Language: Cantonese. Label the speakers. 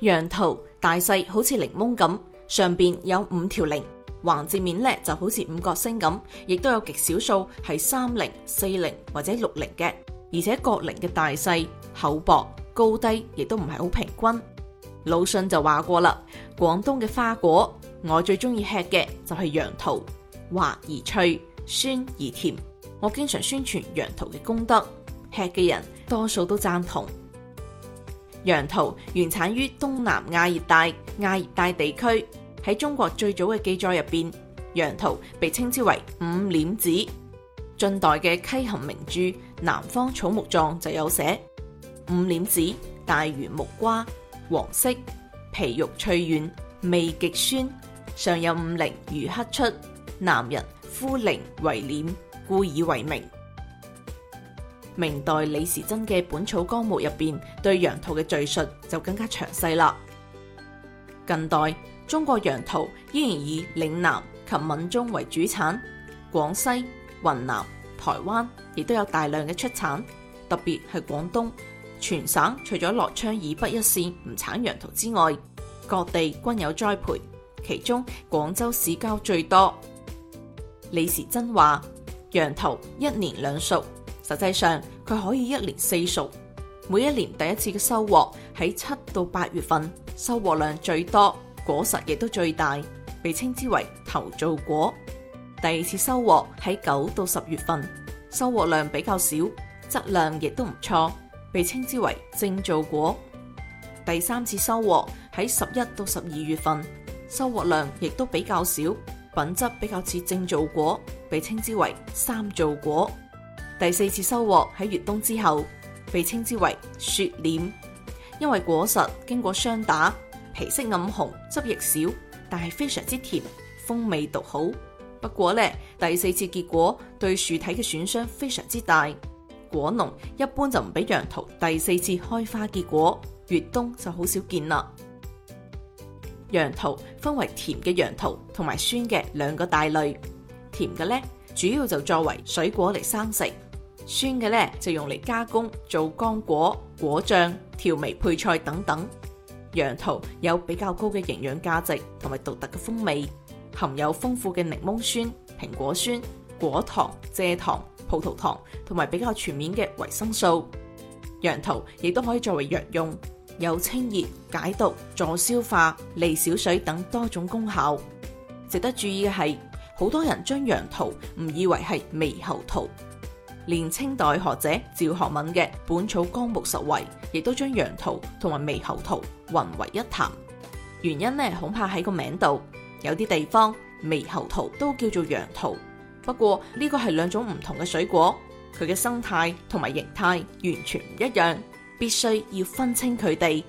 Speaker 1: 楊桃大細好似檸檬咁，上邊有五條棱，橫截面咧就好似五角星咁，亦都有極少數係三棱、四棱或者六棱嘅，而且各棱嘅大細、厚薄、高低亦都唔係好平均。魯迅就話過啦，廣東嘅花果，我最中意吃嘅就係楊桃，滑而脆，酸而甜。我經常宣傳楊桃嘅功德，吃嘅人多數都贊同。楊桃原產於東南亞熱帶、亞熱帶地區，喺中國最早嘅記載入邊，楊桃被稱之為五斂子。晉代嘅《嵇含名著》《南方草木狀》就有寫：五斂子，大如木瓜，黃色，皮肉脆軟，味極酸，上有五棱，如刻出，南人呼棱為斂，故以為名。明代李時珍嘅《本草綱目入面》入邊對楊桃嘅敘述就更加詳細啦。近代中國楊桃依然以嶺南及閩中為主產，廣西、雲南、台灣亦都有大量嘅出產。特別係廣東，全省除咗樂昌以北一線唔產楊桃之外，各地均有栽培。其中廣州市郊最多。李時珍話：楊桃一年兩熟。實際上佢可以一年四熟，每一年第一次嘅收穫喺七到八月份，收穫量最多，果實亦都最大，被稱之為頭造果；第二次收穫喺九到十月份，收穫量比較少，質量亦都唔錯，被稱之為正造果；第三次收穫喺十一到十二月份，收穫量亦都比較少，品質比較似正造果，被稱之為三造果。第四次收穫喺越冬之後，被稱之為雪斂，因為果實經過霜打，皮色暗紅，汁液少，但係非常之甜，風味獨好。不過咧，第四次結果對樹體嘅損傷非常之大，果農一般就唔俾楊桃第四次開花結果，越冬就好少見啦。楊桃分為甜嘅楊桃同埋酸嘅兩個大類，甜嘅咧主要就作為水果嚟生食。酸嘅咧就用嚟加工做乾果、果醬、調味配菜等等。楊桃有比較高嘅營養價值同埋獨特嘅風味，含有豐富嘅檸檬酸、蘋果酸、果糖、蔗糖、葡萄糖同埋比較全面嘅維生素。楊桃亦都可以作為藥用，有清熱、解毒、助消化、利小水等多種功效。值得注意嘅係，好多人將楊桃誤以為係獼猴桃。連清代學者趙學敏嘅《本草綱目拾遺》亦都將楊桃同埋獼猴桃混為一談，原因呢，恐怕喺個名度，有啲地方獼猴桃都叫做楊桃。不過呢個係兩種唔同嘅水果，佢嘅生態同埋形態完全唔一樣，必須要分清佢哋。